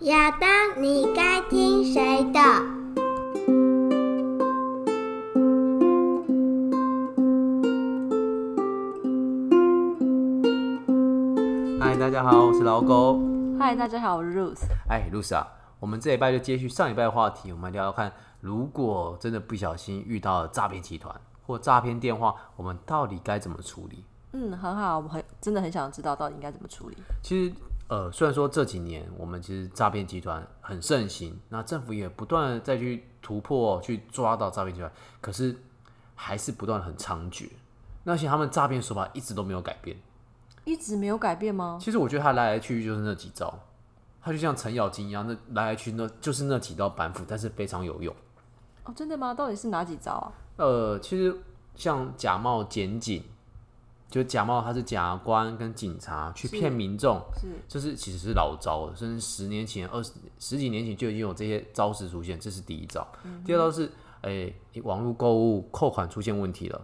亞當，你該聽誰的？嗨，大家好，我是老狗。嗨，大家好，我是 Ruth。哎，Ruth 啊，我們這禮拜就接續上禮拜話題，我們聊聊看，如果真的不小心遇到了詐騙集團或詐騙電話，我們到底該怎麼處理？嗯，很好，我很真的很想知道到底應該怎麼處理。其實。呃，雖然說這幾年我們其實詐騙集團很盛行，那政府也不斷再去突破去抓到詐騙集團，可是還是不斷很猖獗。那些他們詐騙手法一直都沒有改變，一直沒有改變嗎？其實我覺得他來來去去就是那幾招，他就像程咬金一樣，那來來去去那就是那幾道板斧，但是非常有用。哦，真的嗎？到底是哪幾招啊？呃，其實像假冒檢警，就假冒他是假官跟警察去騙民眾，是，這是其實是老招了，甚至十年前、二十十幾年前就已經有這些招式出現，這是第一招。嗯、哼第二招是，哎、欸，你網絡購物扣款出現問題了，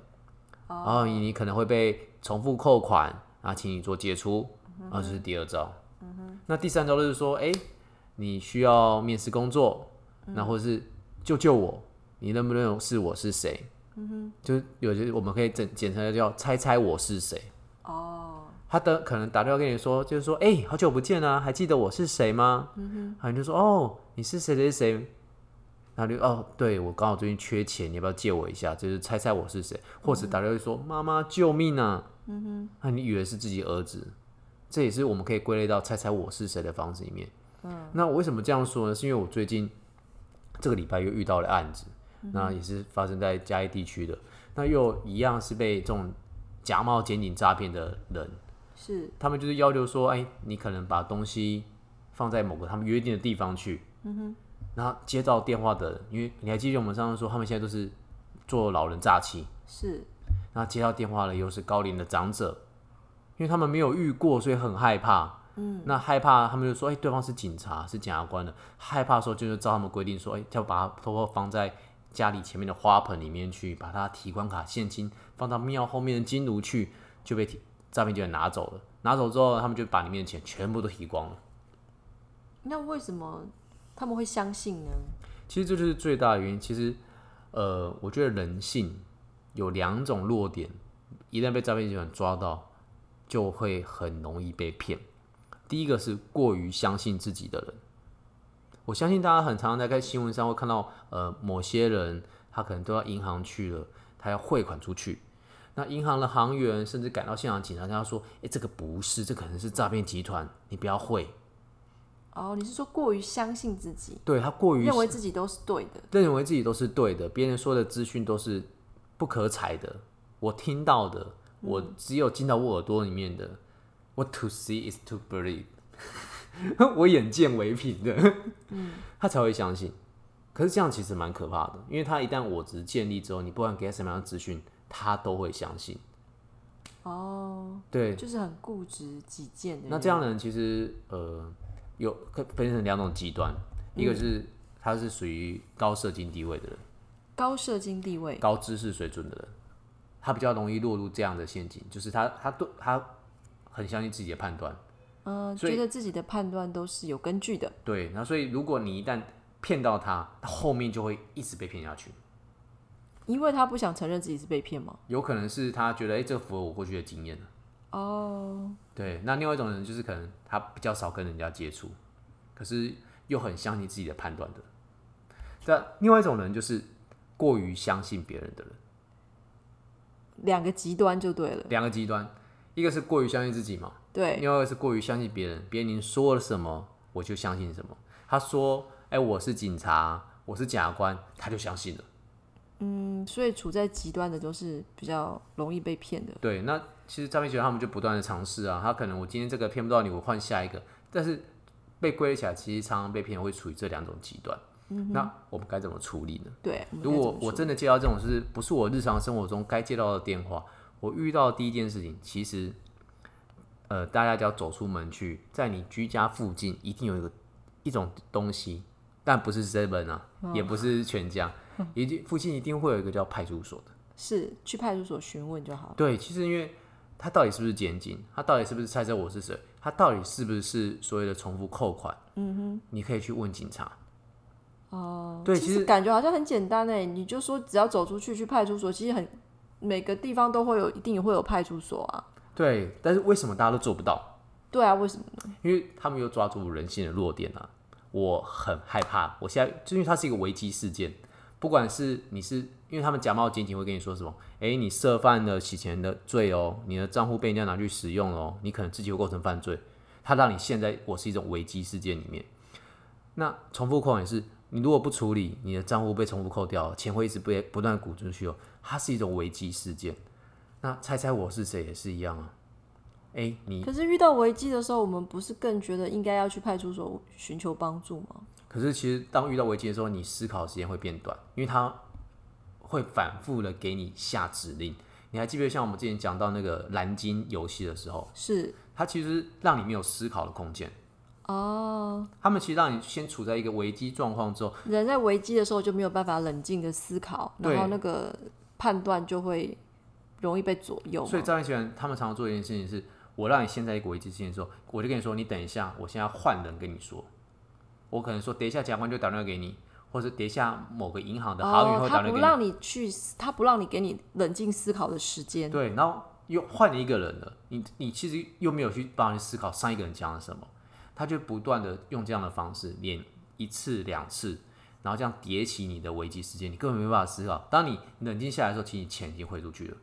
然後、哦啊、你可能會被重複扣款，啊，請你做解除，嗯、哼啊，這是第二招。嗯、哼那第三招就是說，哎、欸，你需要面試工作，嗯、那或者是救救我，你認不認識我是誰？嗯哼，mm hmm. 就是有些我們可以簡簡稱叫“猜猜我是誰” oh.。哦，他的可能打電話跟你說，就是說：“哎、欸，好久不見啊，還記得我是誰嗎？”嗯哼、mm，hmm. 然後就說：“哦，你是誰誰誰？”他就：“哦，對我剛好最近缺錢，你要不要借我一下？”就是“猜猜我是誰”，或者打電話說：“媽媽、mm，hmm. 媽媽救命啊！”嗯哼、mm，那、hmm. 你以為是自己兒子？這也是我們可以歸類到“猜猜我是誰”的方式裡面。嗯、mm，hmm. 那我為什麼這樣說呢？是因為我最近這個禮拜又遇到了案子。那也是發生在嘉義地區的，那又一樣是被這種假冒檢警詐騙的人，是他們就是要求說，哎、欸，你可能把東西放在某個他們約定的地方去，嗯哼，然後接到電話的人，因為你還記得我們上次說，他們現在都是做老人詐欺。是，那接到電話的又是高齡的長者，因為他們沒有遇過，所以很害怕，嗯，那害怕他們就說，哎、欸，對方是警察，是檢察官的，害怕說就是照他們規定說，哎、欸，要把它偷偷放在。家裡前面的花盆裡面去，把它提款卡現金放到廟後面的金爐去，就被詐騙集團拿走了。拿走之後，他們就把裡面的錢全部都提光了。那為什麼他們會相信呢？其實這就是最大的原因。其實，呃，我覺得人性有兩種弱點，一旦被詐騙集團抓到，就會很容易被騙。第一個是過於相信自己的人。我相信大家很常常在看新聞上會看到，呃，某些人他可能都到銀行去了，他要匯款出去。那銀行的行員甚至趕到現場，警察跟他說：“哎、欸，這個不是，這個、可能是詐騙集團，你不要匯。”哦，你是說過於相信自己？對，他過於認為自己都是對的，認為自己都是對的，別人說的資訊都是不可採的。我聽到的，嗯、我只有進到我耳朵裡面的。What to see is to believe。 我眼見為憑的， 他才會相信。可是這樣其實蠻可怕的，因為他一旦我執建立之後，你不管給他什麼樣的資訊，他都會相信。哦，對，就是很固執己見的。那這樣的人其實呃，有分成兩種極端，一個是他是屬於高社經地位的人，高社經地位、高知識水準的人，他比較容易落入這樣的陷阱，就是他他都他很相信自己的判斷。嗯，呃、所以，覺得自己的判斷都是有根據的。對，那所以如果你一旦騙到他，他後面就會一直被騙下去。因為他不想承認自己是被騙嗎？有可能是他覺得，哎、欸，這符合我過去的經驗哦，對。那另外一種人就是可能他比較少跟人家接觸，可是又很相信自己的判斷的。那另外一種人就是過於相信別人的人。兩個極端就對了。兩個極端。一個是過於相信自己嘛，對。另外一個是過於相信別人，別人您說了什麼，我就相信什麼。他說：“哎、欸，我是警察，我是檢察官”，他就相信了。嗯，所以處在極端的都是比較容易被騙的。對，那其實詐騙集團他們就不斷的嘗試啊，他可能我今天這個騙不到你，我換下一個。但是被歸起來，其實常常被騙會處於這兩種極端。嗯哼，那我們該怎麼處理呢？對，如果我真的接到這種事，是不是我日常生活中該接到的電話？我遇到第一件事情，其實，呃，大家只要走出門去，在你居家附近一定有一個一種東西，但不是 seven 啊，也不是全家，一定、oh. 附近一定會有一個叫派出所的。是去派出所詢問就好了。對，其實因為他到底是不是檢警，他到底是不是猜測我是誰，他到底是不是所謂的重複扣款？嗯哼、mm，hmm. 你可以去問警察。哦，oh. 對，其實感覺好像很簡單呢，你就說只要走出去去派出所，其實很。每個地方都會有，一定會有派出所啊。對，但是為什麼大家都做不到？對啊，為什麼呢？因為他們又抓住人性的弱點啊！我很害怕，我現在，就因為它是一個危機事件，不管是你是，因為他們假冒檢警會跟你說什麼？哎、欸，你涉犯了洗錢的罪哦，你的賬戶被人家拿去使用了哦，你可能自己會構成犯罪。他讓你陷在我是一種危機事件裡面。那重複扣款是，你如果不處理，你的賬戶被重複扣掉，錢會一直被不不斷鼓出去哦。它是一種危機事件，那猜猜我是誰也是一樣啊。誒、欸，你可是遇到危機的時候，我們不是更覺得應該要去派出所尋求幫助嗎？可是其實當遇到危機的時候，你思考的時間會變短，因為它會反覆的給你下指令。你還記不記得像我們之前講到那個藍鯨遊戲的時候？是它其實讓你沒有思考的空間哦。他們其實讓你先處在一個危機狀況之後，人在危機的時候就沒有辦法冷靜的思考，然後那個。判斷就會容易被左右，所以詐騙集團他們常常做一件事情是：我讓你現在一股一激進的時候，我就跟你說，你等一下，我現在換人跟你說。我可能說等一下，檢察官就打電話給你，或者等一下某個銀行的行員會打電話給你。哦，他不讓你去，他不讓你給你冷靜思考的時間。對，然後又換一個人了，你你其實又沒有去幫你思考上一個人講了什麼，他就不斷的用這樣的方式，連一次兩次。然後這樣疊起你的危機事件，你根本沒辦法思考。當你冷靜下來的時候，其實你錢已經匯出去了。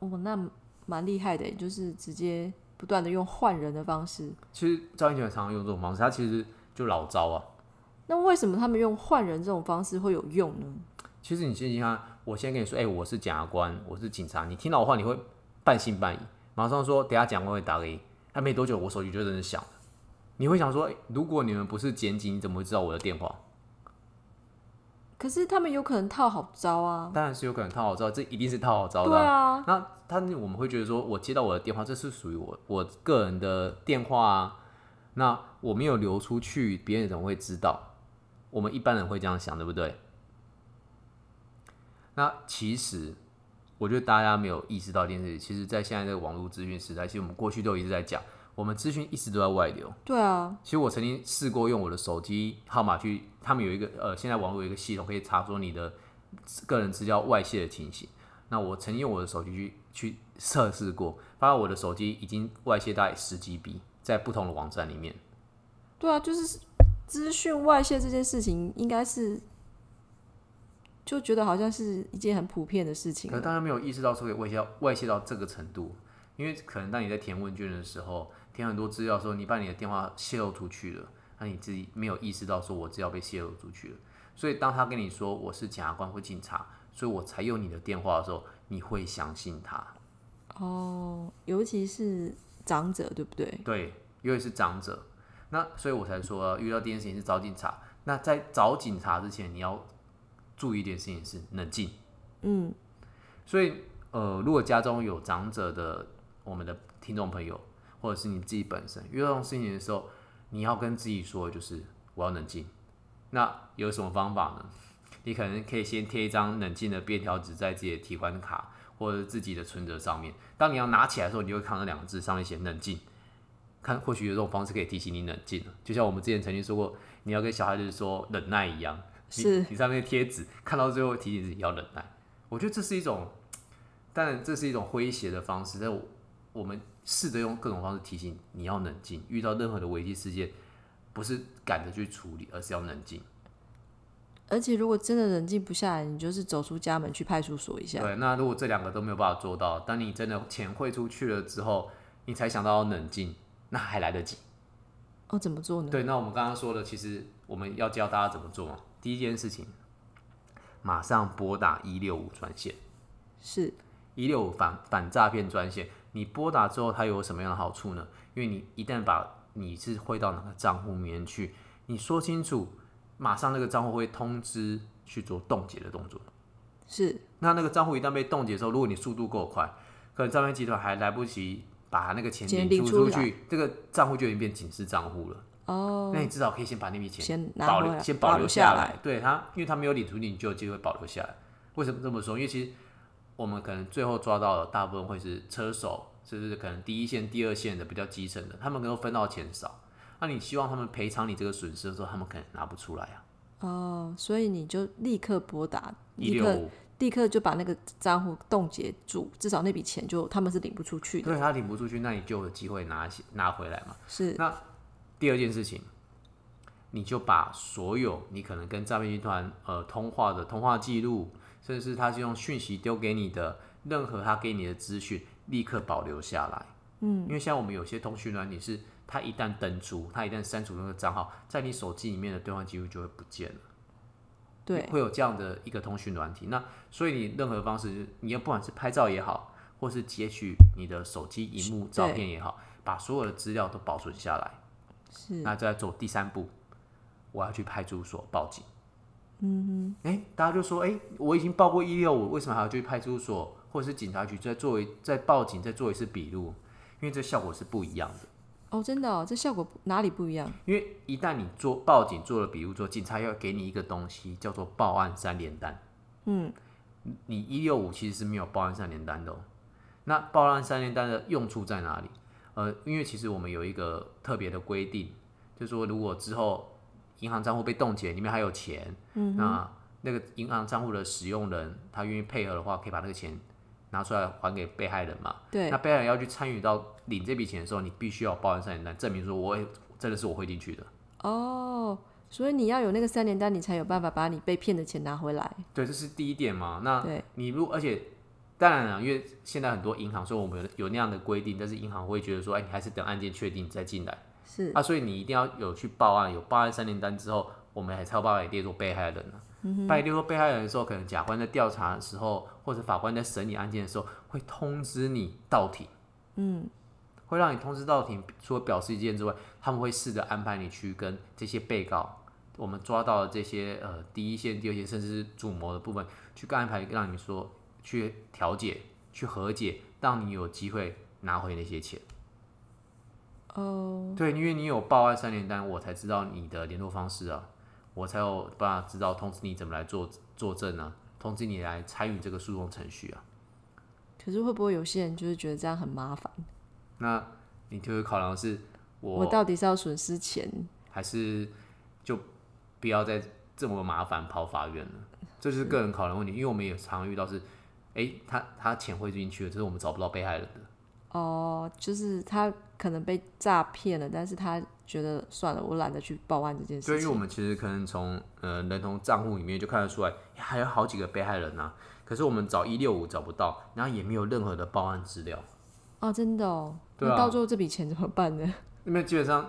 哦，那蠻厲害的，就是直接不斷的用換人的方式。其實趙英杰常常用這種方式，他其實就老招啊。那為什麼他們用換人這種方式會有用呢？其實你想看我先跟你說，哎、欸，我是檢察官，我是警察，你聽到我話，你會半信半疑，馬上說等下檢察官會打給你，他沒多久我手機就有人響你會想說，如果你們不是檢警，你怎麼會知道我的電話？可是他們有可能套好招啊！當然是有可能套好招，這一定是套好招的啊。對啊，那他我們會覺得說，我接到我的電話，這是屬於我我個人的電話啊，那我沒有流出去，別人怎麼會知道？我們一般人會這樣想，對不對？那其實，我覺得大家沒有意識到這件事情，其實在現在這個網絡資訊時代，其實我們過去都一直在講。我們資訊一直都在外流。對啊，其實我曾經試過用我的手機號碼去，他們有一個呃，現在網絡有一個系統可以查出你的個人資料外泄的情形。那我曾經用我的手機去去測試過，發現我的手機已經外泄大概十 GB，在不同的網站裡面。對啊，就是資訊外泄這件事情，應該是就覺得好像是一件很普遍的事情，可是大家沒有意識到說以外泄到外泄到這個程度，因為可能當你在填問卷的時候。填很多資料，說你把你的電話洩露出去了，那你自己沒有意識到，說我資料被洩露出去了。所以當他跟你說我是檢察官或警察，所以我才用你的電話的時候，你會相信他。哦，尤其是長者，對不對？對，因為是長者，那所以我才說、啊、遇到這件事情是找警察。那在找警察之前，你要注意一點事情是冷靜。嗯，所以呃，如果家中有長者的，我們的聽眾朋友，或者是你自己本身遇到這種事情的時候，你要跟自己說，就是我要冷靜。那有什麼方法呢？你可能可以先貼一張冷靜的便條紙在自己的提款卡或者自己的存折上面。當你要拿起來的時候，你就會看到兩個字，上面寫“冷靜”。看，或許有這種方式可以提醒你冷靜。就像我們之前曾經說過，你要跟小孩子說忍耐一樣，是你你上面貼紙，看到最後提醒自己要忍耐。我覺得這是一種，當然這是一種詼諧的方式，在我。我們試着用各種方式提醒你要冷靜。遇到任何的危機事件，不是趕着去處理，而是要冷靜。而且，如果真的冷靜不下來，你就是走出家門去派出所一下。對，那如果這兩個都沒有辦法做到，當你真的錢匯出去了之後，你才想到要冷靜，那還來得及。哦，怎麼做呢？對，那我們剛剛說的，其實我們要教大家怎麼做。第一件事情，馬上撥打一六五專線，是一六五反反詐騙專線。你撥打之後，它有什麼樣的好處呢？因為你一旦把你是匯到哪個賬戶裡面去，你說清楚，馬上那個賬戶會通知去做凍結的動作。是，那那個賬戶一旦被凍結之後，如果你速度夠快，可能詐騙集團還來不及把它那個錢給你出出去，出這個賬戶就已經變警示賬戶了。哦，那你至少可以先把那筆錢先保留，先，拿先保留下來。下來對它，因為它沒有領出你，你就有機會保留下來。為什麼這麼說？因為其實。我們可能最後抓到的大部分會是車手，就是，是可能第一線、第二線的比較基層的，他們可能分到錢少。那你希望他們賠償你這個損失的時候，他們可能拿不出來啊。哦，所以你就立刻撥打165，立刻立刻就把那個賬戶凍結住，至少那筆錢就他們是領不出去的。對他領不出去，那你就有機會拿拿回來嘛。是。那第二件事情，你就把所有你可能跟詐騙集團呃通話的通話記錄。甚至是他是用訊息丟給你的，任何他給你的資訊，立刻保留下來。嗯，因為像我們有些通訊軟體是，他一旦登出，他一旦刪除那個賬號，在你手機裡面的對話記錄就會不見了。對，會有這樣的一個通訊軟體。那所以你任何方式，你要不管是拍照也好，或是截取，你的手機熒幕照片也好，對把所有的資料都保存下來。是，那再走第三步，我要去派出所報警。嗯哼，哎，大家就說，哎，我已經報過一六五，為什麼還要去派出所或者是警察局再做一再報警再做一次筆錄？因為這效果是不一樣的。哦，真的哦，這效果哪裡不一樣？因為一旦你做報警做了筆錄之後，警察要給你一個東西叫做報案三聯單。嗯，你一六五其實是沒有報案三聯單的哦。那報案三聯單的用處在哪裡？呃，因為其實我們有一個特別的規定，就是說如果之後。銀行賬戶被凍結，裡面還有錢。嗯哼，那那個銀行賬戶的使用人，他願意配合的話，可以把那個錢拿出來還給被害人嘛？對。那被害人要去參與到領這筆錢的時候，你必須要報案三聯單，證明說我會，真的是我匯進去的。哦，所以你要有那個三聯單，你才有辦法把你被騙的錢拿回來。對，這是第一點嘛。那對你，如果而且當然了，因為現在很多銀行說我們有，有那樣的規定，但是銀行會覺得說，哎、欸，你還是等案件確定再進來。是啊，所以你一定要有去報案，有報案三聯單之後，我們還是要把你列入被害的人。把你、嗯、哼列入被害的人的時候，可能甲官在調查的時候，或者法官在審理案件的時候，會通知你到庭。嗯，會讓你通知到庭，除了表示意見之外，他們會試着安排你去跟這些被告，我們抓到的這些呃第一線、第二線，甚至是主謀的部分，去安排讓你說去調解、去和解，讓你有機會拿回那些錢。哦，oh, 對，因為你有報案三聯單，我才知道你的聯絡方式啊，我才有辦法知道通知你怎麼來做作，作證啊，通知你來參與這個訴訟程序啊。可是會不會有些人就是覺得這樣很麻煩？那你就會考量的是我，我到底是要損失錢，還是就不要再這麼麻煩跑法院了？這就是個人考量的問題，因為我們也常，常遇到是，欸、他他錢匯進去了，這是我們找不到被害人的。哦，oh, 就是他可能被詐騙了，但是他覺得算了，我懶得去報案這件事情。對，因為我們其實可能從呃人頭賬戶裡面就看得出來、哎，還有好幾個被害人呢、啊。可是我們找一六五找不到，然後也沒有任何的報案資料。哦，oh, 真的哦。那、啊、到最後這筆錢怎麼辦呢？那基本上，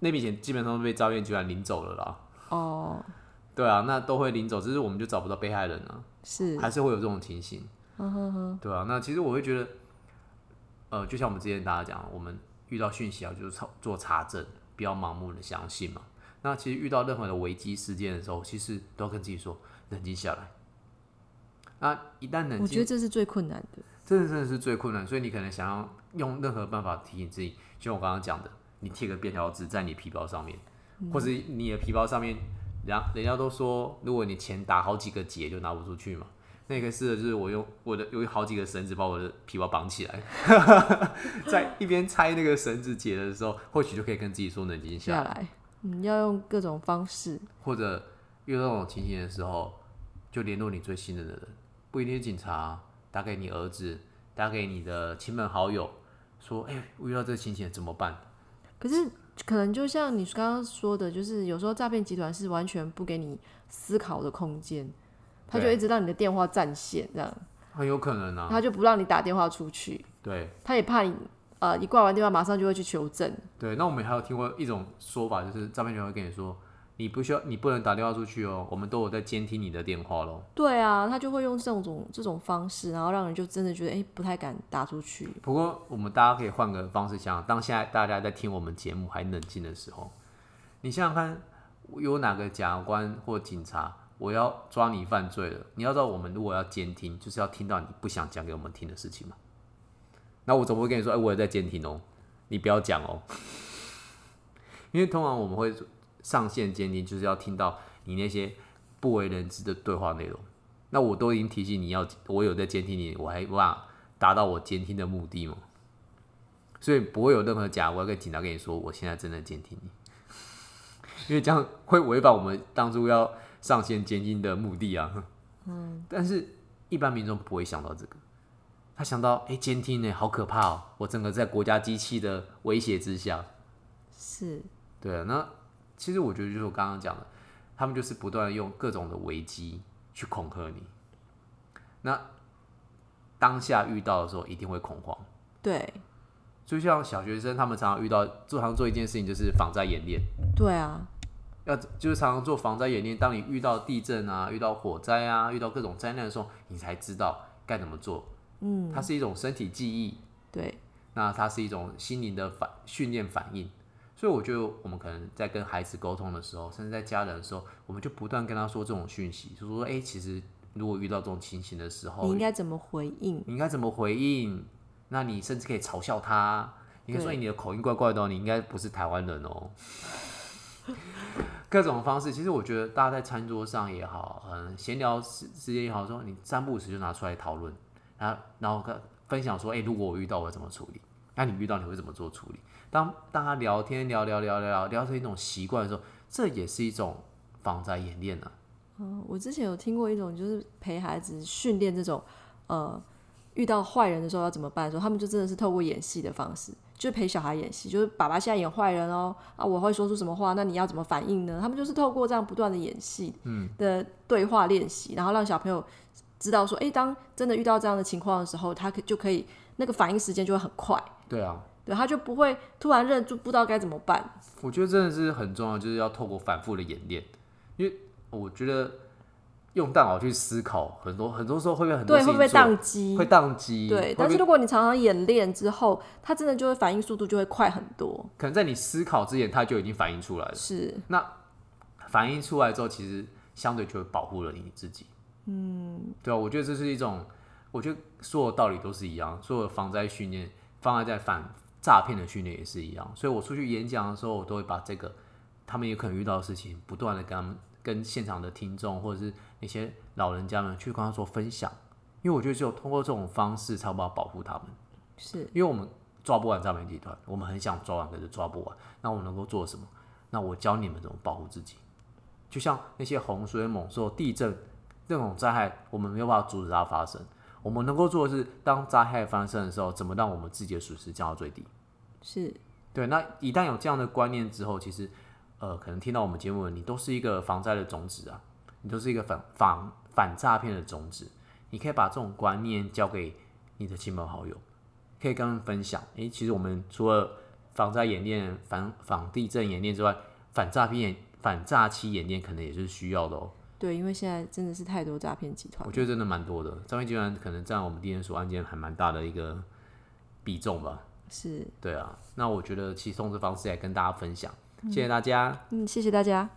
那筆錢基本上被詐騙集團領走了啦。哦。Oh. 對啊，那都會領走，只是我們就找不到被害人啊。是。還是會有這種情形。嗯、uh huh huh. 對啊，那其實我會覺得。呃，就像我們之前大家講，我們遇到訊息啊，就是查做查證，不要盲目的相信嘛。那其實遇到任何的危機事件的時候，其實都要跟自己說冷靜下來。那一旦冷靜，我覺得這是最困難的，這真的，真的是最困難。所以你可能想要用任何辦法提醒自己，就像我剛剛講的，你貼個便條紙在你皮包上面，或者你的皮包上面，人人家都說，如果你錢打好幾個結就拿不出去嘛。那個是，就是我用我的有好幾個繩子把我的皮包綁起來， 在一邊拆那個繩子解的時候，或許就可以跟自己說冷靜下，下來。你要用各種方式，或者遇到這種情形的時候，就聯絡你最信任的人，不一定警察，打給你兒子，打給你的親朋好友，說，哎、欸，我遇到這個情形怎麼辦？可是可能就像你剛剛說的，就是有時候詐騙集團是完全不給你思考的空間。他就一直讓你的電話佔線，這樣很有可能啊。他就不讓你打電話出去。對，他也怕你，呃，一掛完電話馬上就會去求證。對，那我們還有聽過一種說法，就是詐騙就會跟你說，你不需要，你不能打電話出去哦，我們都有在監聽你的電話嘍。對啊，他就會用這種這種方式，然後讓人就真的覺得，哎、欸，不太敢打出去。不過我們大家可以換個方式想想，當現在大家在聽我們節目還冷靜的時候，你想想看，有哪個檢察官或警察，我要抓你犯罪了！你要知道，我們如果要監聽，就是要聽到你不想講給我們聽的事情嘛。那我怎麼會跟你說？哎、欸，我也在監聽哦、喔，你不要講哦、喔。 因為通常我們會上線監聽，就是要聽到你那些不為人知的對話內容。那我都已經提醒你要，我有在監聽你，我還無法達到我監聽的目的嗎？所以不會有任何假。我要跟警察跟你說，我現在真的監聽你， 因為這樣會違反我們當初要。上線監聽的目的啊，嗯，但是一般民眾不會想到這個，他想到誒，監聽呢，好可怕哦！我整個在國家機器的威脅之下，是，對啊。那其實我覺得就是我剛剛講的，他們就是不斷用各種的危機去恐嚇你。那當下遇到的時候，一定會恐慌。對，就像小學生，他們常常遇到，做常，常做一件事情就是防災演練。對啊。要就是常常做防災演練，當你遇到地震啊、遇到火災啊、遇到各種災難的時候，你才知道該怎麼做。嗯，它是一種身體記憶。對，那它是一種心靈的反訓練反應。所以我覺得我們可能在跟孩子溝通的時候，甚至在家人的時候，我們就不斷跟他說這種訊息，就說：欸，其實如果遇到這種情形的時候，你應該怎麼回應？你應該怎麼回應？那你甚至可以嘲笑他，你可以說，對你的口音怪怪的哦，你應該不是台灣人哦。 各種方式，其實我覺得大家在餐桌上也好，嗯，閒聊時時間也好，說你三不五時就拿出來討論，然後然後跟分享說，誒、欸，如果我遇到，我怎麼處理？那你遇到，你會怎麼做處理？當大家聊天聊聊聊聊聊成一種習慣的時候，這也是一種防災演練呢、啊。嗯，我之前有聽過一種，就是陪孩子訓練這種，呃，遇到壞人的時候要怎麼辦的時候，他們就真的是透過演戲的方式。就陪小孩演戲，就是爸爸現在演壞人哦，啊，我會說出什麼話，那你要怎麼反應呢？他們就是透過這樣不斷的演戲的對話練習，嗯、然後讓小朋友知道說，哎、欸，當真的遇到這樣的情況的時候，他可就可以那個反應時間就會很快。對啊，對，他就不會突然認，就不知道該怎麼辦。我覺得真的是很重要，就是要透過反覆的演練，因為我覺得。用大腦去思考，很多很多時候會不會很多事情對，會不會宕機？會宕機。對，但是如果你常常演練之後，它真的就會反應速度就會快很多。可能在你思考之前，它就已經反應出來了。是。那反應出來之後，其實相對就會保護了你自己。嗯，對啊，我覺得這是一種，我覺得所有道理都是一樣，所有防災訓練，放在在反詐騙的訓練也是一樣。所以我出去演講的時候，我都會把這個他們也可能遇到的事情，不斷的跟他們。跟現場的聽眾或者是那些老人家們去跟他說分享，因為我覺得只有通過這種方式才能保護他們。是因為我們抓不完詐騙集團，我們很想抓完，可是抓不完。那我們能夠做什麼？那我教你們怎麼保護自己。就像那些洪水猛獸、地震這種災害，我們沒有辦法阻止它發生。我們能夠做的是，當災害發生的時候，怎麼讓我們自己的損失降到最低。是。對，那一旦有這樣的觀念之後，其實。呃，可能聽到我們節目的你，都是一個防災的種子啊，你都是一個反反反詐騙的種子。你可以把這種觀念交給你的親朋好友，可以跟他們分享。哎、欸，其實我們除了防災演練、防地震演練之外，反詐騙、反詐欺演練可能也是需要的哦、喔。對，因為現在真的是太多詐騙集團。我覺得真的蠻多的，詐騙集團可能佔我們地檢署案件還蠻大的一個比重吧。是，對啊。那我覺得，其實用這方式來跟大家分享。謝謝大家嗯。嗯，謝謝大家。